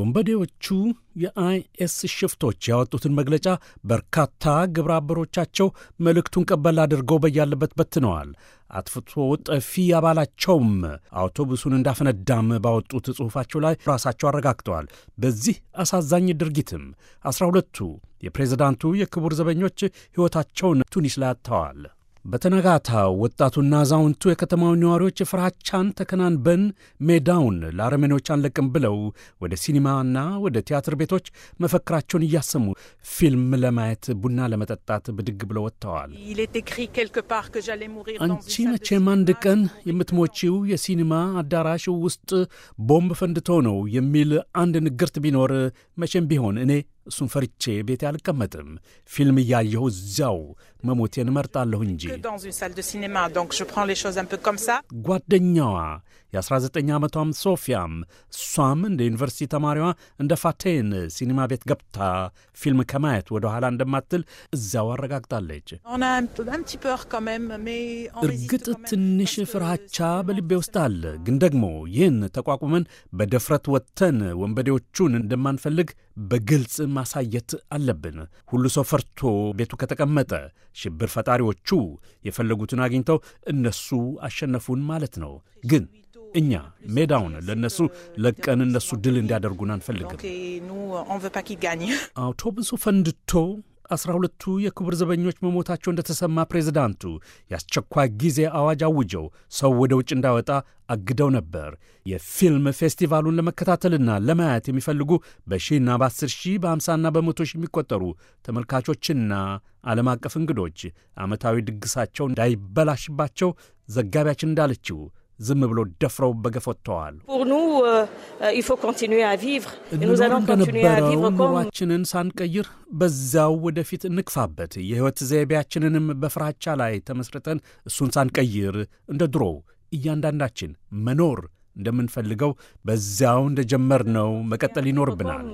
ወንበዴዎቹ የአይኤስ ሽፍቶች ያወጡትን መግለጫ በርካታ ግብረ አበሮቻቸው መልእክቱን ቀበል አድርገው በያለበት በትነዋል። አጥፍቶ ጠፊ አባላቸውም አውቶቡሱን እንዳፈነዳም ባወጡት ጽሑፋቸው ላይ ራሳቸው አረጋግጠዋል። በዚህ አሳዛኝ ድርጊትም አስራ ሁለቱ የፕሬዝዳንቱ የክቡር ዘበኞች ሕይወታቸውን ቱኒስ ላይ አጥተዋል። በተነጋታው ወጣቱና አዛውንቱ የከተማው ነዋሪዎች ፍራቻን ተከናንበን ሜዳውን ለአረመኔዎች አንለቅም ብለው ወደ ሲኒማና ወደ ቲያትር ቤቶች መፈክራቸውን እያሰሙ ፊልም ለማየት ቡና ለመጠጣት ብድግ ብለው ወጥተዋል። አንቺ መቼም አንድ ቀን የምትሞቺው የሲኒማ አዳራሽ ውስጥ ቦምብ ፈንድቶ ነው የሚል አንድ ንግርት ቢኖር መቼም ቢሆን እኔ እሱን ፈርቼ ቤቴ አልቀመጥም። ፊልም እያየሁ እዚያው መሞቴን እመርጣለሁ እንጂ። ጓደኛዋ የ19 ዓመቷም ሶፊያም እሷም እንደ ዩኒቨርሲቲ ተማሪዋ እንደ ፋቴን ሲኒማ ቤት ገብታ ፊልም ከማየት ወደ ኋላ እንደማትል እዚያው አረጋግጣለች። እርግጥ ትንሽ ፍርሃቻ በልቤ ውስጥ አለ፣ ግን ደግሞ ይህን ተቋቁመን በደፍረት ወጥተን ወንበዴዎቹን እንደማንፈልግ በግልጽ ማሳየት አለብን። ሁሉ ሰው ፈርቶ ቤቱ ከተቀመጠ ሽብር ፈጣሪዎቹ የፈለጉትን አግኝተው እነሱ አሸነፉን ማለት ነው። ግን እኛ ሜዳውን ለእነሱ ለቀን እነሱ ድል እንዲያደርጉን አንፈልግም። አውቶቡሱ ፈንድቶ አስራ ሁለቱ የክቡር ዘበኞች መሞታቸው እንደተሰማ ፕሬዚዳንቱ የአስቸኳይ ጊዜ አዋጅ አውጀው ሰው ወደ ውጭ እንዳወጣ አግደው ነበር። የፊልም ፌስቲቫሉን ለመከታተልና ለማየት የሚፈልጉ በሺና በአስር ሺህ በአምሳና በመቶ ሺህ የሚቆጠሩ ተመልካቾችና ዓለም አቀፍ እንግዶች ዓመታዊ ድግሳቸው እንዳይበላሽባቸው ዘጋቢያችን እንዳለችው ዝም ብሎ ደፍረው በገፍ ወጥተዋል። euh, እንደነበረው ኑሯችንን ሳንቀይር በዛው ወደፊት እንግፋበት። የሕይወት ዘይቤያችንንም በፍራቻ ላይ ተመስርተን እሱን ሳንቀይር እንደ ድሮው እያንዳንዳችን መኖር እንደምንፈልገው በዚያው እንደጀመርነው መቀጠል ይኖርብናል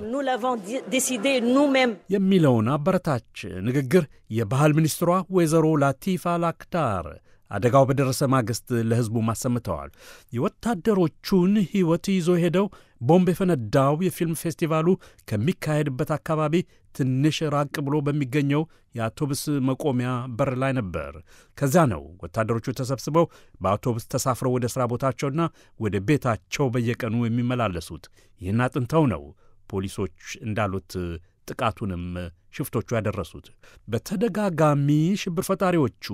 የሚለውን አበረታች ንግግር የባህል ሚኒስትሯ ወይዘሮ ላቲፋ ላክታር አደጋው በደረሰ ማግስት ለሕዝቡ ማሰምተዋል። የወታደሮቹን ሕይወት ይዞ ሄደው ቦምብ የፈነዳው የፊልም ፌስቲቫሉ ከሚካሄድበት አካባቢ ትንሽ ራቅ ብሎ በሚገኘው የአውቶቡስ መቆሚያ በር ላይ ነበር። ከዚያ ነው ወታደሮቹ ተሰብስበው በአውቶቡስ ተሳፍረው ወደ ሥራ ቦታቸውና ወደ ቤታቸው በየቀኑ የሚመላለሱት። ይህን አጥንተው ነው ፖሊሶች እንዳሉት ጥቃቱንም ሽፍቶቹ ያደረሱት በተደጋጋሚ ሽብር ፈጣሪዎቹ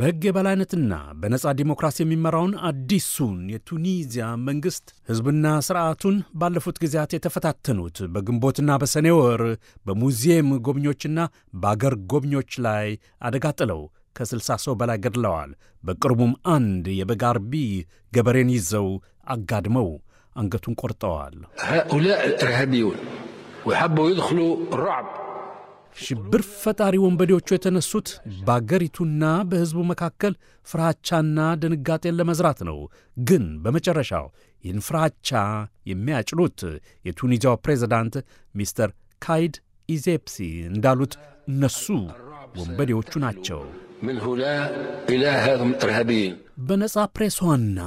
በሕግ የበላይነትና በነፃ ዲሞክራሲ የሚመራውን አዲሱን የቱኒዚያ መንግሥት ሕዝብና ሥርዓቱን ባለፉት ጊዜያት የተፈታተኑት በግንቦትና በሰኔ ወር በሙዚየም ጎብኚዎችና በአገር ጎብኚዎች ላይ አደጋ ጥለው ከስልሳ ሰው በላይ ገድለዋል። በቅርቡም አንድ የበግ አርቢ ገበሬን ይዘው አጋድመው አንገቱን ቆርጠዋል። وحبوا يدخلوا الرعب ሽብር ፈጣሪ ወንበዴዎቹ የተነሱት በአገሪቱና በሕዝቡ መካከል ፍራቻና ድንጋጤን ለመዝራት ነው። ግን በመጨረሻው ይህን ፍራቻ የሚያጭሉት የቱኒዚያው ፕሬዚዳንት ሚስተር ካይድ ኢዜፕሲ እንዳሉት እነሱ ወንበዴዎቹ ናቸው። በነጻ ፕሬሷና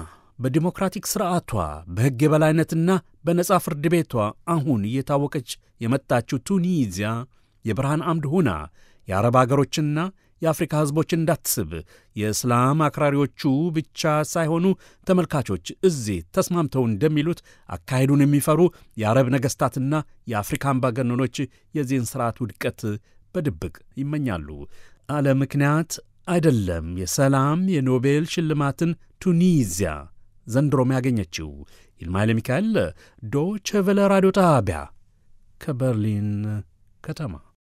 በዲሞክራቲክ ሥርዓቷ በሕግ የበላይነትና በነጻ ፍርድ ቤቷ አሁን እየታወቀች የመጣችው ቱኒዚያ የብርሃን አምድ ሆና የአረብ አገሮችና የአፍሪካ ሕዝቦች እንዳትስብ የእስላም አክራሪዎቹ ብቻ ሳይሆኑ ተመልካቾች እዚህ ተስማምተው እንደሚሉት አካሄዱን የሚፈሩ የአረብ ነገሥታትና የአፍሪካ አምባገነኖች የዚህን ሥርዓት ውድቀት በድብቅ ይመኛሉ። አለ ምክንያት አይደለም የሰላም የኖቤል ሽልማትን ቱኒዚያ ዘንድሮም ያገኘችው። ይልማ ኃይለ ሚካኤል ዶቸቨለ ራዲዮ ጣቢያ ከበርሊን ከተማ